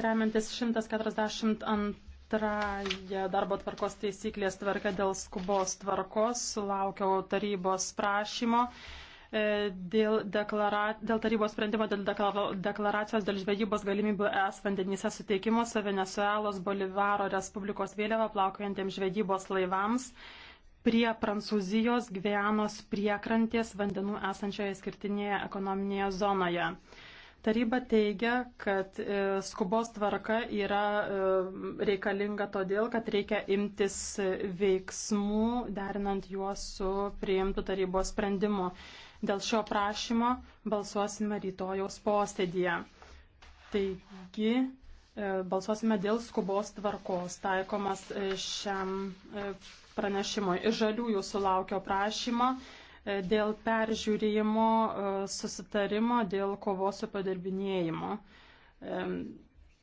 Remiantis 142 darbo tvarkos taisyklės tvarka dėl skubos tvarkos, sulaukiau tarybos prašymo e, dėl, deklara, dėl tarybos sprendimo dėl deklaracijos dėl žvejybos galimybių es vandenyse suteikimo su Venezuelos Bolivaro Respublikos vėliava plaukiantiems žvejybos laivams prie Prancūzijos Gvianos priekrantės vandenų esančioje skirtinėje ekonominėje zonoje. Taryba teigia, kad e, skubos tvarka yra e, reikalinga todėl, kad reikia imtis veiksmų, derinant juos su priimtų tarybos sprendimu. Dėl šio prašymo balsuosime rytojaus posėdėje. Taigi, e, balsuosime dėl skubos tvarkos taikomas šiam pranešimui. Iš žaliųjų sulaukio prašymo dėl peržiūrėjimo e, susitarimo, dėl kovos su padirbinėjimu.